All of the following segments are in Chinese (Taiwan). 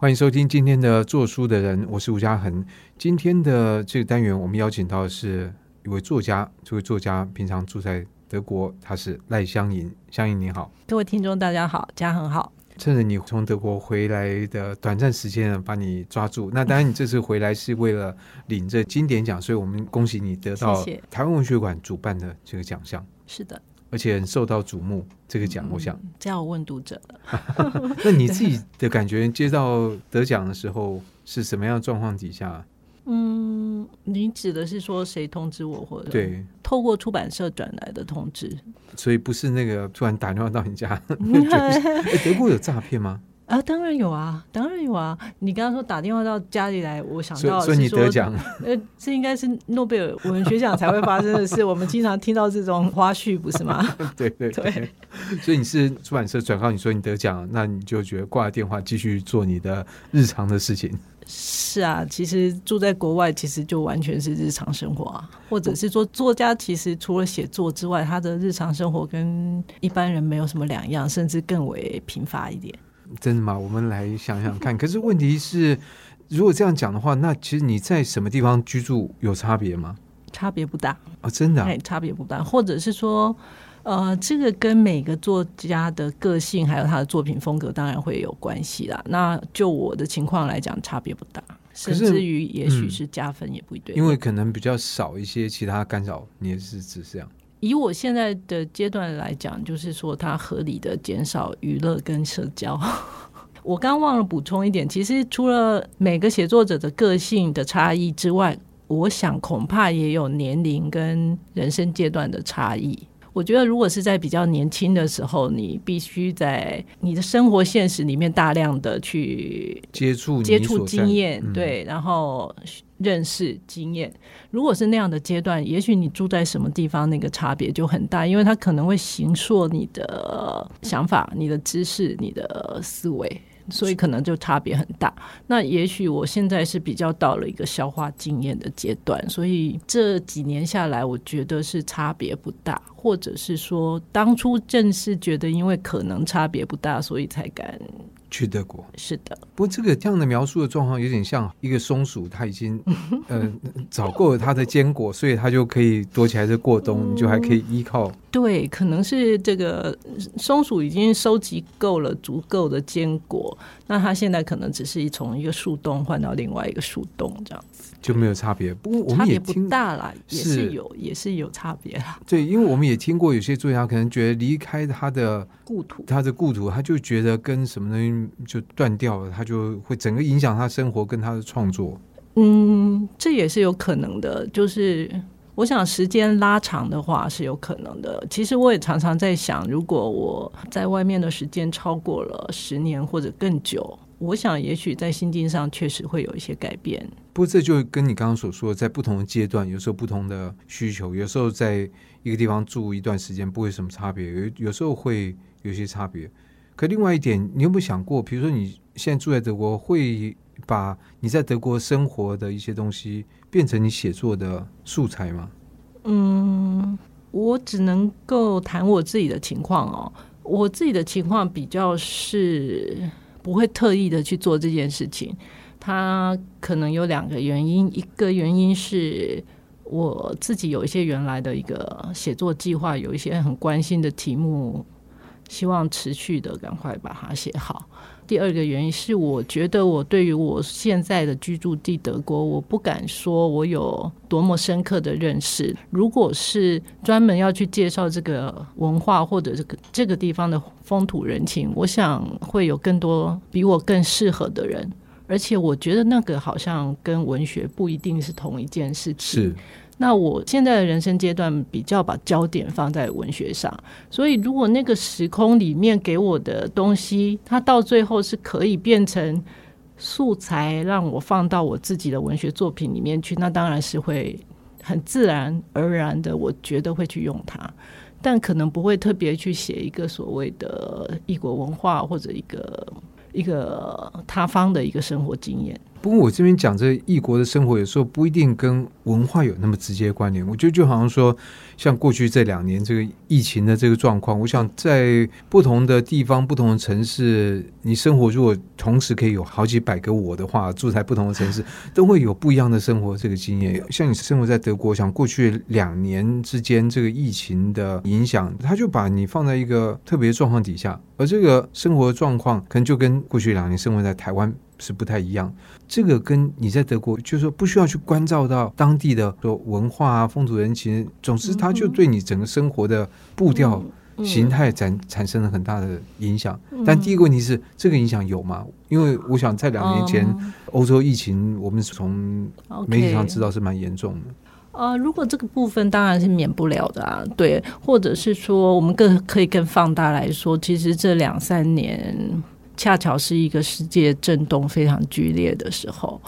歡迎收聽今天的做書的人，我是吳家恆。今天的這個單元，我們邀請到的是一位作家，這位作家平常住在德國，他是賴香吟。香吟你好，各位聽眾大家好，家恆好。趁着你從德國回來的短暫時間，把你抓住。那當然，你這次回來是為了領這金典獎， 所以我們恭喜你得到台灣文學館主辦的這個獎項。謝謝。是的。而且很受到矚目，這個獎我想。這樣我問讀者了， 那你自己的感覺，接到得獎的時候是什麼樣狀況底下？嗯，你指的是說誰通知我，或者對，透過出版社轉來的通知？所以不是那個突然打電話到你家，對 哎，德國有詐騙嗎？啊，當然有啊，當然有啊！你剛剛說打電話到家裡來，我想到是說所以所以你得獎，呃，這應該是諾貝爾文學獎才會發生的事。 我們經常聽到這種花絮，不是嗎？ 對對對， 對。所以你是出版社轉告你說你得獎，那你就覺得掛了電話，繼續做你的日常的事情。是啊，其實住在國外，其實就完全是日常生活啊。或者是說，作家其實除了寫作之外，他的日常生活跟一般人沒有什麼兩樣，甚至更為貧乏一點。真的嗎？我們來想想看。可是問題是，如果這樣講的話，那其實你在什麼地方居住有差別嗎？差別不大啊。哦，真的，啊，哎，差別不大。或者是說，呃，這個跟每個作家的個性還有他的作品風格，當然會有關係啦。那就我的情況來講，差別不大，甚至於也許是加分也不一定。嗯，因為可能比較少一些其他干擾，你也是只是這樣。以我現在的階段來講，就是說它，合理的減少娛樂跟社交。 我剛忘了補充一點，其實除了每個寫作者的個性的差異之外，我想恐怕也有年齡跟人生階段的差異。我覺得，如果是在比較年輕的時候，你必須在你的生活現實裡面大量的去接觸接觸經驗、嗯，對，然後認識經驗。如果是那樣的階段，也許你住在什麼地方，那個差別就很大，因為它可能會形塑你的想法、你的知識、你的思維。所以可能就差別很大。那也許我現在是比較到了一個消化經驗的階段，所以這幾年下來，我覺得是差別不大，或者是說當初正是覺得因為可能差別不大，所以才敢。去德國。是的。不過這個這樣的描述的狀況有點像一個松鼠，它已經嗯、呃、 找夠了它的堅果，所以它就可以躲起來在過冬，你就還可以依靠，嗯。對，可能是這個松鼠已經收集夠了足夠的堅果，那它現在可能只是從一個樹洞換到另外一個樹洞這樣子，就沒有差別。不過我們也聽，差別不大了，也是有，也是有差別。對，因為我們也聽過有些作家可能覺得離開他的故土，他的故土，他就覺得跟什麼東西。就斷掉了，他就會整個影響他生活跟他的創作。嗯，這也是有可能的。就是我想，時間拉長的話是有可能的。其實我也常常在想，如果我在外面的時間超過了十年或者更久，我想也許在心境上確實會有一些改變。不過這就跟你剛剛所說的，在不同的階段，有時候不同的需求，有時候在一個地方住一段時間不會有什麼差別，有有時候會有些差別。可另外一點，你有沒有想過，比如說你現在住在德國，會把你在德國生活的一些東西變成你寫作的素材嗎？嗯，我只能夠談我自己的情況哦。我自己的情況比較是不會特意的去做這件事情，它可能有兩個原因。一個原因是我自己有一些原來的一個寫作計劃，有一些很關心的題目。希望持續的趕快把它寫好。第二個原因是，我覺得我對於我現在的居住地德國，我不敢說我有多麼深刻的認識。如果是專門要去介紹這個文化或者這個這個地方的風土人情，我想會有更多比我更適合的人。而且，我覺得那個好像跟文學不一定是同一件事情。是。那我現在的人生階段比較把焦點放在文學上，所以如果那個時空裡面給我的東西，它到最後是可以變成素材，讓我放到我自己的文學作品裡面去，那當然是會很自然而然的，我覺得會去用它，但可能不會特別去寫一個所謂的異國文化或者一個一個他方的一個生活經驗。不過我這邊講這異國的生活，有時候不一定跟文化有那麼直接關聯。我覺得就好像說，像過去這兩年這個疫情的這個狀況，我想在不同的地方、不同的城市，你生活如果同時可以有好幾百個我的話，住在不同的城市，都會有不一樣的生活這個經驗。像你生活在德國，想過去兩年之間這個疫情的影響，他就把你放在一個特別狀況底下，而這個生活狀況可能就跟過去兩年生活在台灣。是不太一樣，這個跟你在德國，就是說不需要去關照到當地的說文化啊、風土人情，總之，它就對你整個生活的步調、形態產產生了很大的影響，嗯。但第一個問題是，這個影響有嗎？因為我想在兩年前，嗯、歐洲疫情，我們從媒體上知道是蠻嚴重的。啊、okay, 呃，如果這個部分當然是免不了的啊，對，或者是說我們更可以更放大來說，其實這兩三年。恰巧是一個世界震動非常劇烈的時候，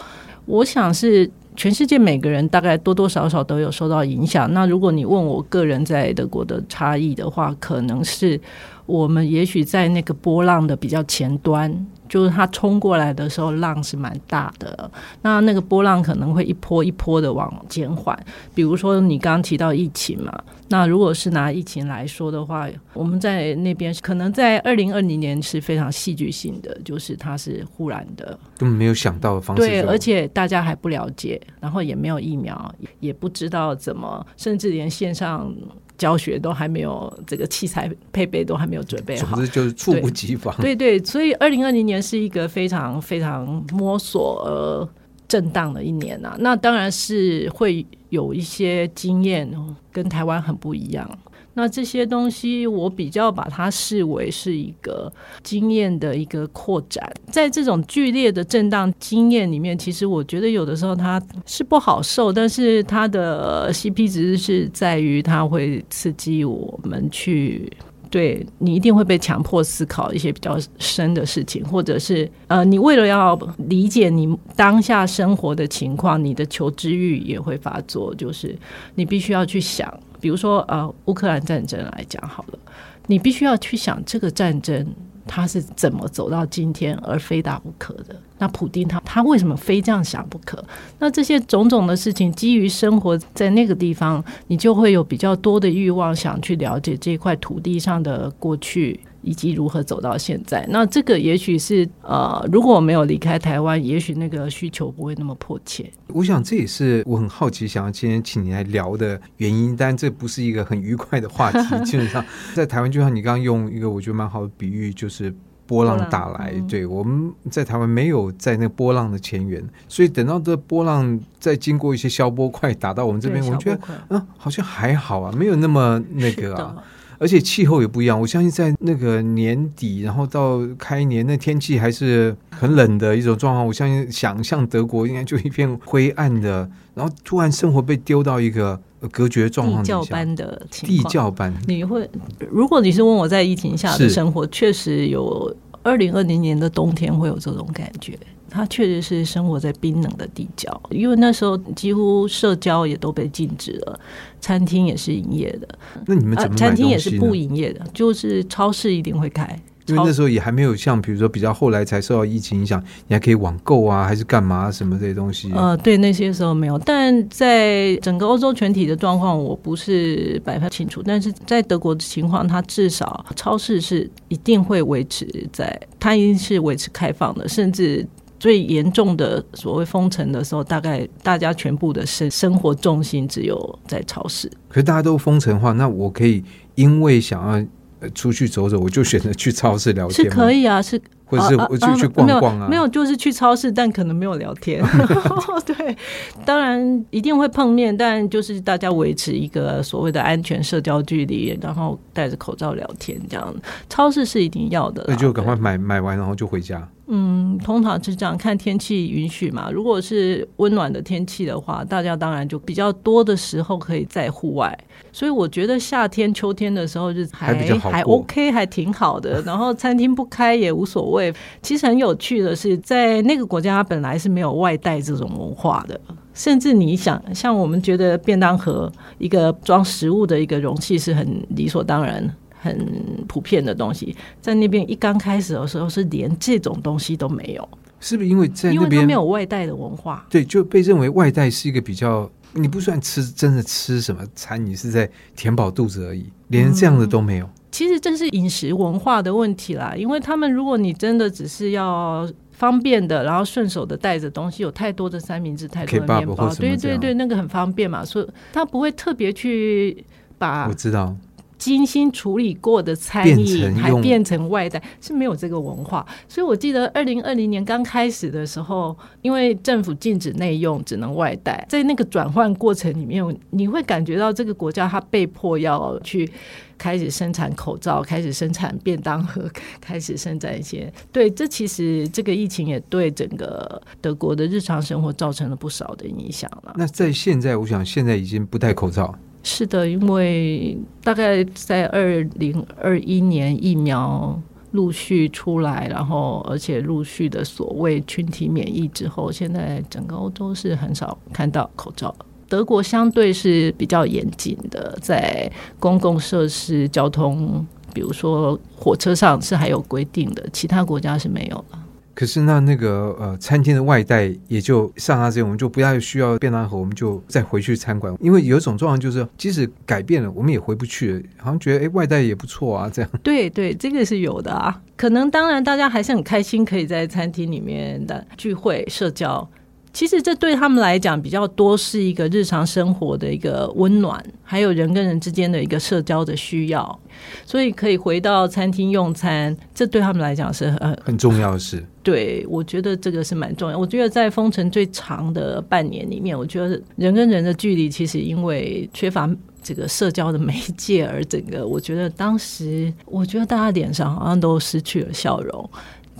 我想是全世界每個人大概多多少少都有受到影響。那如果你問我個人在德國的差異的話，可能是我們也許在那個波浪的比較前端，就是它衝過來的時候，浪是蠻大的。那那個波浪可能會一波一波的往減緩。比如說你剛剛提到疫情嘛，那如果是拿疫情來說的話，我們在那邊可能在二零二零年是非常戲劇性的，就是它是忽然的，根本沒有想到的方式。哦。對，而且大家還不了解，然後也沒有疫苗，也不知道怎麼，甚至連線上。教學都還沒有這個器材配備，都還沒有準備好，總之就是猝不及防。對對、對，所以二零二零年是一個非常非常摸索而、呃、震盪的一年啊，那當然是會有一些經驗跟台灣很不一樣。那這些東西，我比較把它視為是一個經驗的一個擴展。在這種劇烈的震盪經驗裡面，其實我覺得有的時候它是不好受，但是它的 CP 值是在於它會刺激我們去，對，你一定會被強迫思考一些比較深的事情，或者是呃，你為了要理解你當下生活的情況，你的求知慾也會發作，就是你必須要去想。比如說，呃，烏克蘭戰爭來講好了，你必須要去想這個戰爭它是怎麼走到今天，而非打不可的。那普丁他他為什麼非這樣想不可？那這些種種的事情，基於生活在那個地方，你就會有比較多的慾望想去了解這塊土地上的過去。以及如何走到現在？那這個也許是呃，如果我沒有離開台灣，也許那個需求不會那麼迫切。我想這也是我很好奇，想要今天請你來聊的原因。但這不是一個很愉快的話題。 基本上在台灣，就像你剛剛用一個我覺得蠻好的比喻，就是波浪打來，嗯、對我們在台灣沒有在那個波浪的前緣，所以等到這波浪再經過一些消波塊打到我們這邊，我覺得嗯，好像還好啊，沒有那麼那個啊。而且氣候也不一樣，我相信在那個年底，然後到開年，那天氣還是很冷的一種狀況。我相信想象德國應該就一片灰暗的，然後突然生活被丟到一個隔絕狀況。地窖般的，地窖般。你會，如果你是問我在疫情下的生活，確實有二零二零年的冬天會有這種感覺。他確實是生活在冰冷的地窖，因為那時候幾乎社交也都被禁止了，餐廳也是營業的。那你們怎麼、呃？餐廳也是不營業的，就是超市一定會開。因為那時候也還沒有像，比如說比較後來才受到疫情影響，你還可以網購啊，還是幹嘛、啊、什麼這些東西？呃，對，那些時候沒有。但在整個歐洲全體的狀況，我不是百分清楚。但是在德國的情況，它至少超市是一定會維持在，它一定是維持開放的，甚至。最嚴重的所謂封城的時候，大概大家全部的生生活重心只有在超市。可是大家都封城的話，那我可以因為想要出去走走，我就選擇去超市聊天嗎？是可以啊，是，或者是我就去逛逛啊？沒有，就是去超市，但可能沒有聊天。 對，當然一定會碰面，但就是大家維持一個所謂的安全社交距離，然後戴着口罩聊天這樣。超市是一定要的，那就趕快買，買完，然後就回家。嗯，通常是這樣，看天氣允許嘛。如果是溫暖的天氣的話，大家當然就比較多的時候可以在戶外。所以我覺得夏天、秋天的時候就還還，還 OK，還挺好的。然後餐廳不開也無所謂。 其實很有趣的是，在那個國家本來是沒有外帶這種文化的，甚至你想像我們覺得便當盒一個裝食物的一個容器是很理所當然的。很普遍的東西，在那邊一剛開始的時候是連這種東西都沒有，是不是因為在那邊沒有外帶的文化？對，就被認為外帶是一個比較、嗯、你不算吃，真的吃什麼餐，你是在填飽肚子而已，連這樣的都沒有、嗯。其實這是飲食文化的問題啦，因為他們如果你真的只是要方便的，然後順手的帶着東西，有太多的三明治，太多的麵包，對對對，那個很方便嘛，所以他不會特別去把。我知道。精心處理過的餐飲還變成外帶，是沒有這個文化，所以我記得二零二零年剛開始的時候，因為政府禁止內用，只能外帶，在那個轉換過程裡面，你會感覺到這個國家它被迫要去開始生產口罩，開始生產便當盒，開始生產一些。對，這其實這個疫情也對整個德國的日常生活造成了不少的影響了。那在現在，我想現在已經不戴口罩。是的，因為大概在二零二一年疫苗陸續出來，然後而且陸續的所謂群體免疫之後，現在整個歐洲是很少看到口罩。德國相對是比較嚴謹的，在公共設施、交通，比如說火車上是還有規定的，其他國家是沒有了。可是那那個呃，餐廳的外帶也就像他這樣，我們就不太需要便當盒，我們就再回去餐館。因為有一種狀況就是，即使改變了，我們也回不去了。好像覺得哎，外帶也不錯啊，這樣。對對，這個是有的啊。可能當然大家還是很開心，可以在餐廳裡面的聚會社交。其實這對他們來講比較多是一個日常生活的一個溫暖，還有人跟人之間的一個社交的需要，所以可以回到餐廳用餐，這對他們來講是很很重要的事。對，我覺得這個是蠻重要。我覺得在封城最長的半年裡面，我覺得人跟人的距離其實因為缺乏這個社交的媒介而整個，我覺得當時我覺得大家臉上好像都失去了笑容。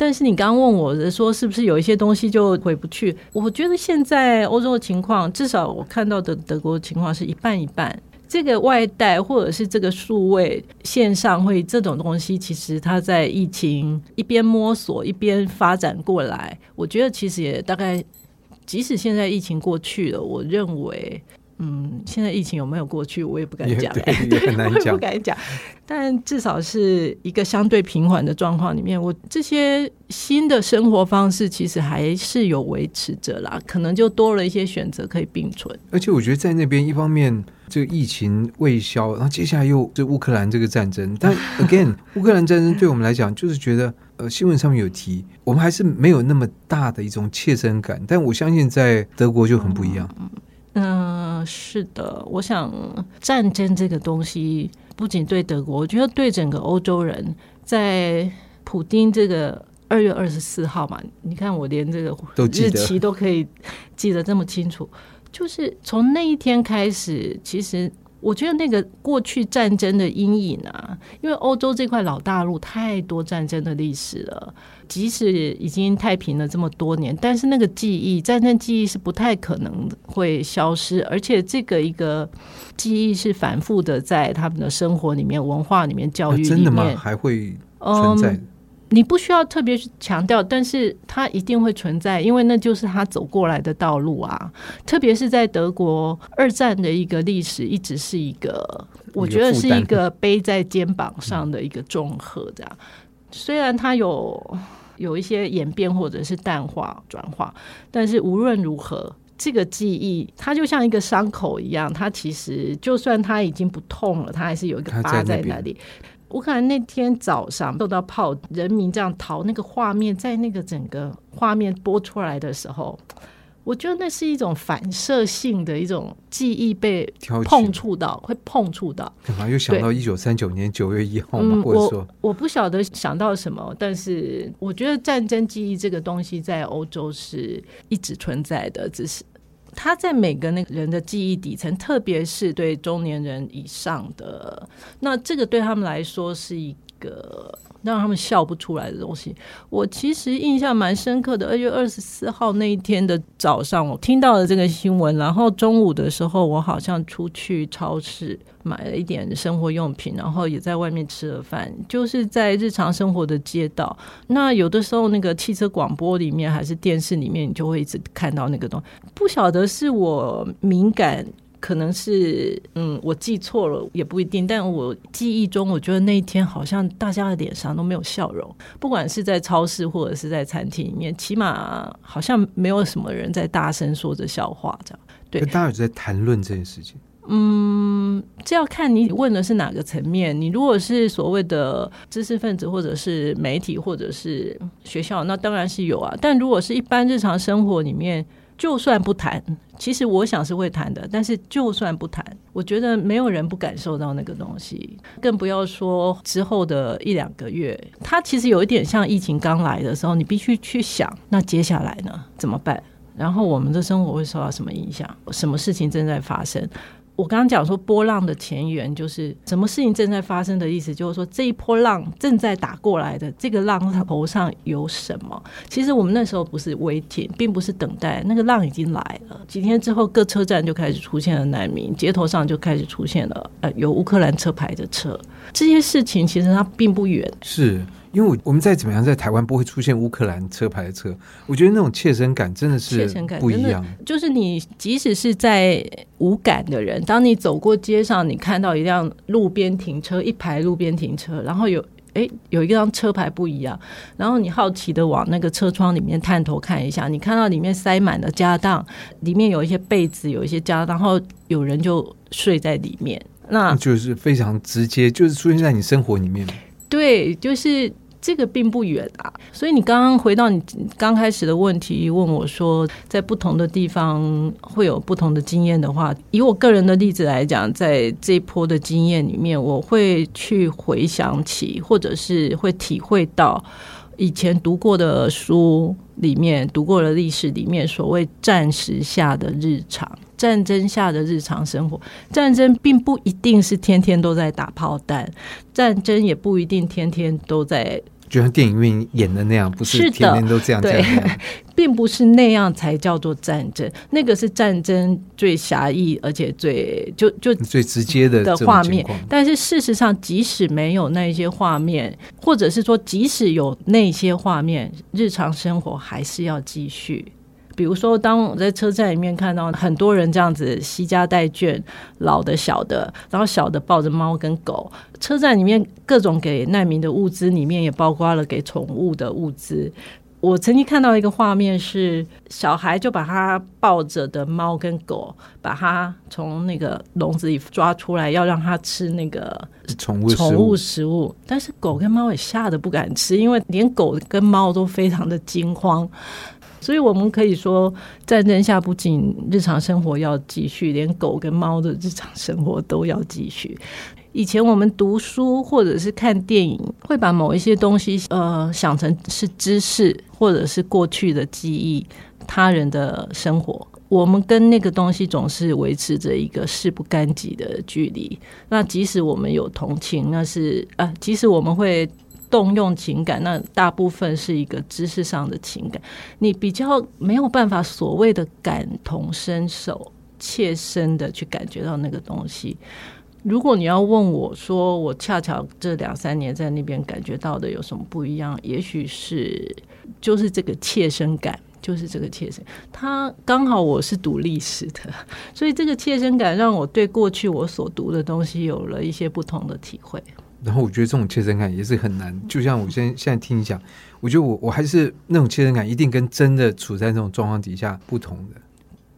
但是你剛剛問我的說，是不是有一些東西就回不去？我覺得現在歐洲的情況，至少我看到的德國情況是一半一半。這個外帶或者是這個數位線上會這種東西，其實它在疫情一邊摸索，一邊發展過來。我覺得其實也大概，即使現在疫情過去了，我認為。嗯，現在疫情有沒有過去我， 我也不敢講，對，我也不敢講，但至少是一個相對平緩的狀況裡面，我這些新的生活方式其實還是有維持着啦，可能就多了一些選擇可以並存。而且我覺得在那邊，一方面這個疫情未消，然後接下來又這烏克蘭這個戰爭，但 again，烏 克蘭戰爭對我們來講就是覺得，呃，新聞上面有提，我們還是沒有那麼大的一種切身感，但我相信在德國就很不一樣。嗯嗯、呃，是的，我想戰爭這個東西不僅對德國，我覺得對整個歐洲人，在普丁這個二月二十四號嘛，你看我連這個日期都可以記得這麼清楚，就是從那一天開始，其實。我覺得那個過去戰爭的陰影啊，因為歐洲這塊老大陸太多戰爭的歷史了，即使已經太平了這麼多年，但是那個記憶，戰爭記憶是不太可能會消失，而且這個一個記憶是反覆的在他們的生活裡面、文化裡面、教育裡面，啊，真的嗎？還會存在。Um, 你不需要特別去強調，但是它一定會存在，因為那就是它走過來的道路啊。特別是在德國，二戰的一個歷史一直是一個，我覺得是一個背在肩膀上的一個重荷。這樣，雖然它有有一些演變或者是淡化轉化，但是無論如何，這個記憶它就像一個傷口一樣，它其實就算它已經不痛了，它還是有一個疤在那裡。烏克蘭那天早上受到炮，人民這樣逃，那個畫面在那個整個畫面播出來的時候，我覺得那是一種反射性的一種記憶被碰觸到，會碰觸到。幹嘛又想到一九三九年九月一號嘛？或者說，我不曉得想到什麼，但是我覺得戰爭記憶這個東西在歐洲是一直存在的，只是。他在每個那個人的記憶底層，特別是對中年人以上的，那這個對他們來說是一個個讓他們笑不出來的東西，我其實印象蠻深刻的。二月二十四號那一天的早上，我聽到了這個新聞，然後中午的時候，我好像出去超市買了一點生活用品，然後也在外面吃了飯，就是在日常生活的街道。那有的時候，那個汽車廣播裡面還是電視裡面，你就會一直看到那個東西。不曉得是我敏感。可能是嗯，我記錯了也不一定，但我記憶中，我覺得那一天好像大家的臉上都沒有笑容，不管是在超市或者是在餐廳裡面，起碼好像沒有什麼人在大聲說着笑話這樣。對，大家有在談論這件事情？嗯，這要看你問的是哪個層面。你如果是所謂的知識分子，或者是媒體，或者是學校，那當然是有啊。但如果是一般日常生活裡面，就算不談，其實我想是會談的。但是就算不談，我覺得沒有人不感受到那個東西，更不要說之後的一兩個月。它其實有一點像疫情剛來的時候，你必須去想，那接下來呢？怎麼辦？然後我們的生活會受到什麼影響？什麼事情正在發生？我剛剛講說波浪的前緣就是什麼事情正在發生的意思。就是說這一波浪正在打過來的，這個浪頭上有什麼？其實我們那時候不是 waiting，並不是等待，那個浪已經來了。幾天之後，各車站就開始出現了難民，街頭上就開始出現了，呃，有烏克蘭車牌的車，這些事情其實它並不遠。是。因為我我們再怎麼樣，在台灣不會出現烏克蘭車牌的車，我覺得那種切身感真的是切身感不一樣。就是你即使是在無感的人，當你走過街上，你看到一輛路邊停車，一排路邊停車，然後有哎有一輛車牌不一樣，然後你好奇的往那個車窗裡面探頭看一下，你看到裡面塞滿了家當，裡面有一些被子，有一些家當，然後有人就睡在裡面。那,那就是非常直接，就是出現在你生活裡面。對，就是。這個並不遠啊，所以你剛剛回到你剛開始的問題，問我說，在不同的地方會有不同的經驗的話，以我個人的例子來講，在這一波的經驗裡面，我會去回想起，或者是會體會到以前讀過的書裡面、讀過的歷史裡面，所謂戰時下的日常。戰爭下的日常生活，戰爭並不一定是天天都在打炮彈，戰爭也不一定天天都在，就像電影院演的那樣，不是天天都這樣，這樣，那樣的。對，並不是那樣才叫做戰爭，那個是戰爭最狹義而且最就就最直接的的畫面。但是事實上，即使沒有那些畫面，或者是說即使有那些畫面，日常生活還是要繼續。比如說，當我在車站裡面看到很多人這樣子攜家帶眷，老的、小的，然後小的抱着貓跟狗，車站裡面各種給難民的物資裡面也包括了給寵物的物資。我曾經看到一個畫面是，小孩就把他抱着的貓跟狗，把他從那個籠子裡抓出來，要讓他吃那個寵物寵物食物，但是狗跟貓也嚇得不敢吃，因為連狗跟貓都非常的驚慌。所以我們可以說，戰爭下不僅日常生活要繼續，連狗跟貓的日常生活都要繼續。以前我們讀書或者是看電影，會把某一些東西呃想成是知識，或者是過去的記憶、他人的生活，我們跟那個東西總是維持着一個事不關己的距離。那即使我們有同情，那是啊、呃，即使我們會。動用情感，那大部分是一個知識上的情感，你比較沒有辦法所謂的感同身受、切身的去感覺到那個東西。如果你要問我說，我恰巧這兩三年在那邊感覺到的有什麼不一樣，也許是就是這個切身感，就是這個切身。他剛好我是讀歷史的，所以這個切身感讓我對過去我所讀的東西有了一些不同的體會。然後我覺得這種切身感也是很難，就像我現在現在聽一下，我覺得我我還是那種切身感，一定跟真的處在這種狀況底下不同的。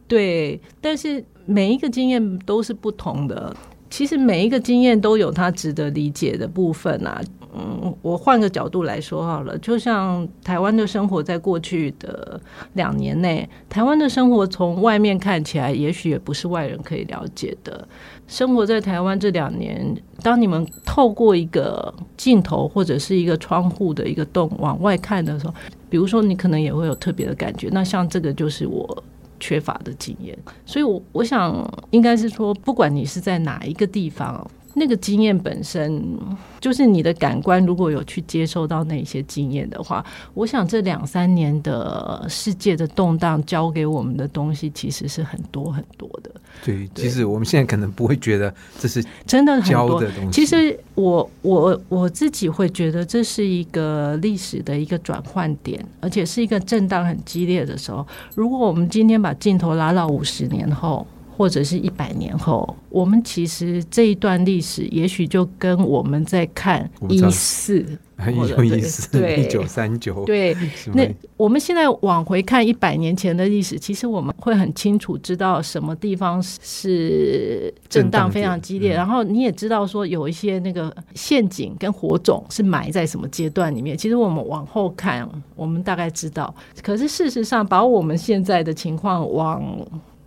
對，但是每一個經驗都是不同的，其實每一個經驗都有它值得理解的部分啊。嗯，我換個角度來說好了。就像台灣的生活，在過去的兩年內，台灣的生活從外面看起來，也許也不是外人可以了解的。生活在台灣這兩年，當你們透過一個鏡頭或者是一個窗戶的一個洞往外看的時候，比如說你可能也會有特別的感覺。那像這個就是我缺乏的經驗，所以我，我我想應該是說，不管你是在哪一個地方。那個經驗本身，就是你的感官如果有去接受到那些經驗的話，我想這兩三年的世界的動盪教給我們的東西其實是很多很多的。對，對，其實我們現在可能不會覺得這是真的教的東西。其實我我我自己會覺得這是一個歷史的一個轉換點，而且是一個震盪很激烈的時候。如果我們今天把鏡頭拉到五十年後。或者是一百年後，我們其實這一段歷史，也許就跟我們在看一四很有意思，一九三九，1939，對。那我們現在往回看一百年前的歷史，其實我們會很清楚知道什麼地方是震盪非常激烈，然後你也知道說有一些那個陷阱、跟火種是埋在什麼階段裡面。其實我們往後看，我們大概知道。可是事實上，把我們現在的情況往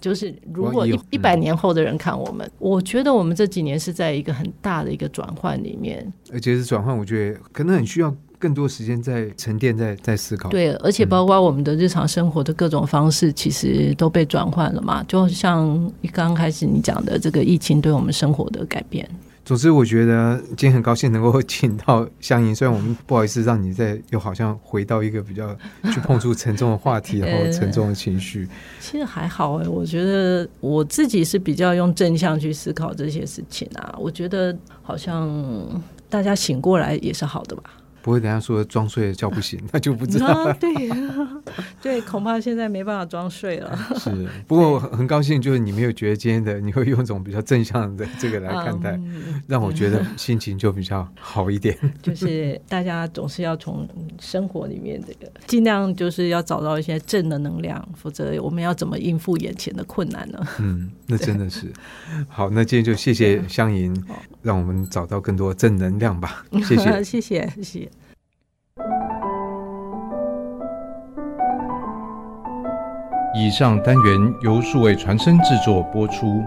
就是如果一一百年後的人看我們我、嗯，我覺得我們這幾年是在一個很大的一個轉換裡面，而且是轉換我覺得可能很需要更多時間在沉澱，在在思考。對，而且包括我們的日常生活的各種方式，其實都被轉換了嘛。就像你剛開始你講的，這個疫情對我們生活的改變。總之，我覺得今天很高興能夠請到香吟，雖然我們不好意思讓你再又好像回到一個比較去碰觸沉重的話題，然後 沉重的情緒。其實還好哎、欸，我覺得我自己是比較用正向去思考這些事情啊。我覺得好像大家醒過來也是好的吧。不會，等下說裝睡的叫不醒、嗯，他就不知道了、嗯。對呀、啊，對，恐怕現在沒辦法裝睡了。是，不過我很高興，就是你沒有覺得今天的，你會用一種比較正向的這個來看待，嗯、讓我覺得心情就比較好一點。嗯、 就是大家總是要從生活裡面這個盡量就是要找到一些正的能量，否則我們要怎麼應付眼前的困難呢？嗯，那真的是好。那今天就謝謝香吟、嗯，讓我們找到更多正能量吧。謝謝、嗯，謝謝，謝謝。以上單元由數位傳聲製作播出。